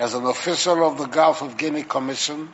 as an official of the Gulf of Guinea Commission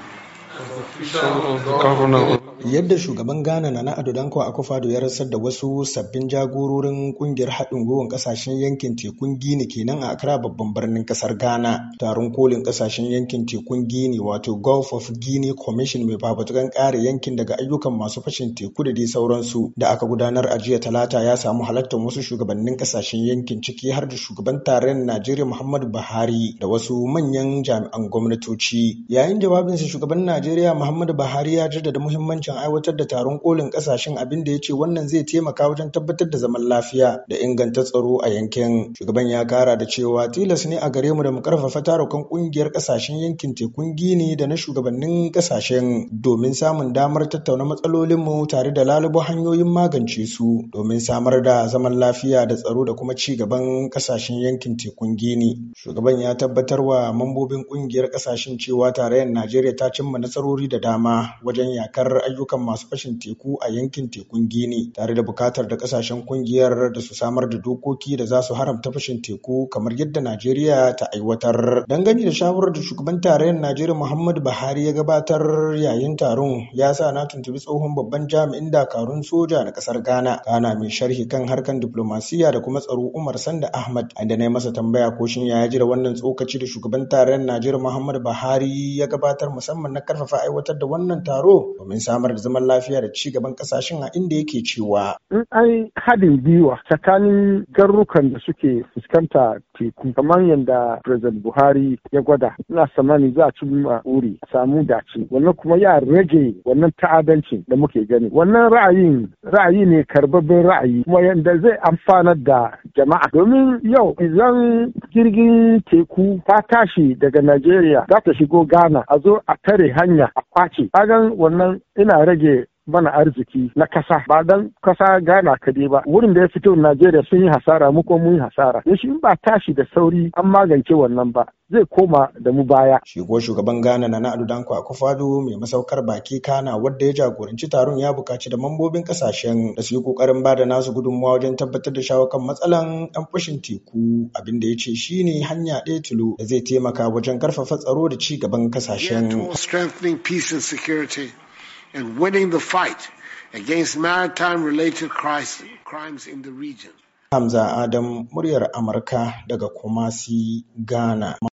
Yadda shugaban Ghana Nana Addo Danko a addo ya rasar da wasu sabbin jagororin kungiyar haɗin gwiwar ƙasashen yankin tekun Gini kenan a Accra babban birnin ƙasar Ghana. Taron kolin ƙasashen yankin tekun Gini wato Gulf of Guinea Commission mai babatukan ƙare yankin daga ayyukan masu fashin teku da dai sauransu da aka gudanar a jiya talata ya samu halartar wasu shugabannin ƙasashen yankin ciki har da shugaban taron Najeriya Muhammadu Buhari da wasu manyan jami'an gwamnatoci. Yayin jawabinsa shugaban Najeriya Najeriya Muhammadu Buhari ya jaddada muhimmancin aiwatar da taron kolin kasashen da ya ce wannan zai taimaka wajen tabbatar da zaman lafiya da inganta tsaro a yankin. Shugaban ya kara da cewa tilas ne a gare mu da mu karfafa tarukan kungiyar kasashen yankin tekun Gini da na shugabannin kasashen domin samun damar tattauna matsalolin mu tare da lalubo hanyoyin magance su domin samar da zaman lafiya da tsaro da kuma ci gaban kasashen yankin tekun Gini. Shugaban ya tabbatar wa mambobin kungiyar kasashen cewa tarayyar Najeriya ta cimma nasarar nasarori da dama wajen yakar ayyukan masu fashin teku a yankin tekun Gini tare da bukatar da kasashen kungiyar da su samar da dokoki da za su haramta fashin teku kamar yadda Najeriya ta aiwatar. Dangane da shawarar da shugaban tarayyar Najeriya Muhammadu Buhari ya gabatar yayin taron ya sa na tuntubi tsohon babban jami'in dakarun soja na kasar Ghana. Ghana mai sharhi kan harkan diplomasiya da kuma tsaro Umar Sanda Ahmad inda na yi masa tambaya ko shin ya jira wannan tsokaci da shugaban tarayyar Najeriya Muhammadu Buhari ya gabatar musamman na karfafa kafa aiwatar da wannan taro domin samar da zaman lafiya da ci gaban kasashen a inda yake cewa in an haɗin gwiwa tsakanin garrukan da suke fuskanta teku kamar yadda president buhari ya gwada ina samani za a ci uri samu dace wannan kuma ya rage wannan ta'adanci da muke gani wannan ra'ayin ra'ayi ne karbabin ra'ayi kuma yadda zai amfana da jama'a domin yau idan jirgin teku ta tashi daga najeriya za ta shigo ghana a zo a tare hanya hanya a kwace kagan wannan ina rage mana arziki na kasa ba dan kasa gana dai ba wurin da ya fito Najeriya sun yi hasara mu ko mun yi hasara yashi in ba tashi da sauri an magance wannan ba zai koma da mu baya. Shi ko shugaban Ghana na Ado Danko Akufo-Addo mai masaukar baki Kana wanda ya jagoranci taron ya bukaci da mambobin kasashen da su yi ƙoƙarin ba da nasu gudunmawa wajen tabbatar da shawo kan matsalan 'yan fashin teku abin da ya ce shine hanya ɗaya tulu da zai taimaka wajen karfafa tsaro da ci gaban kasashen. and winning the fight against maritime related crimes in the region. Hamza Adam muryar Amurka daga Kumasi, Ghana.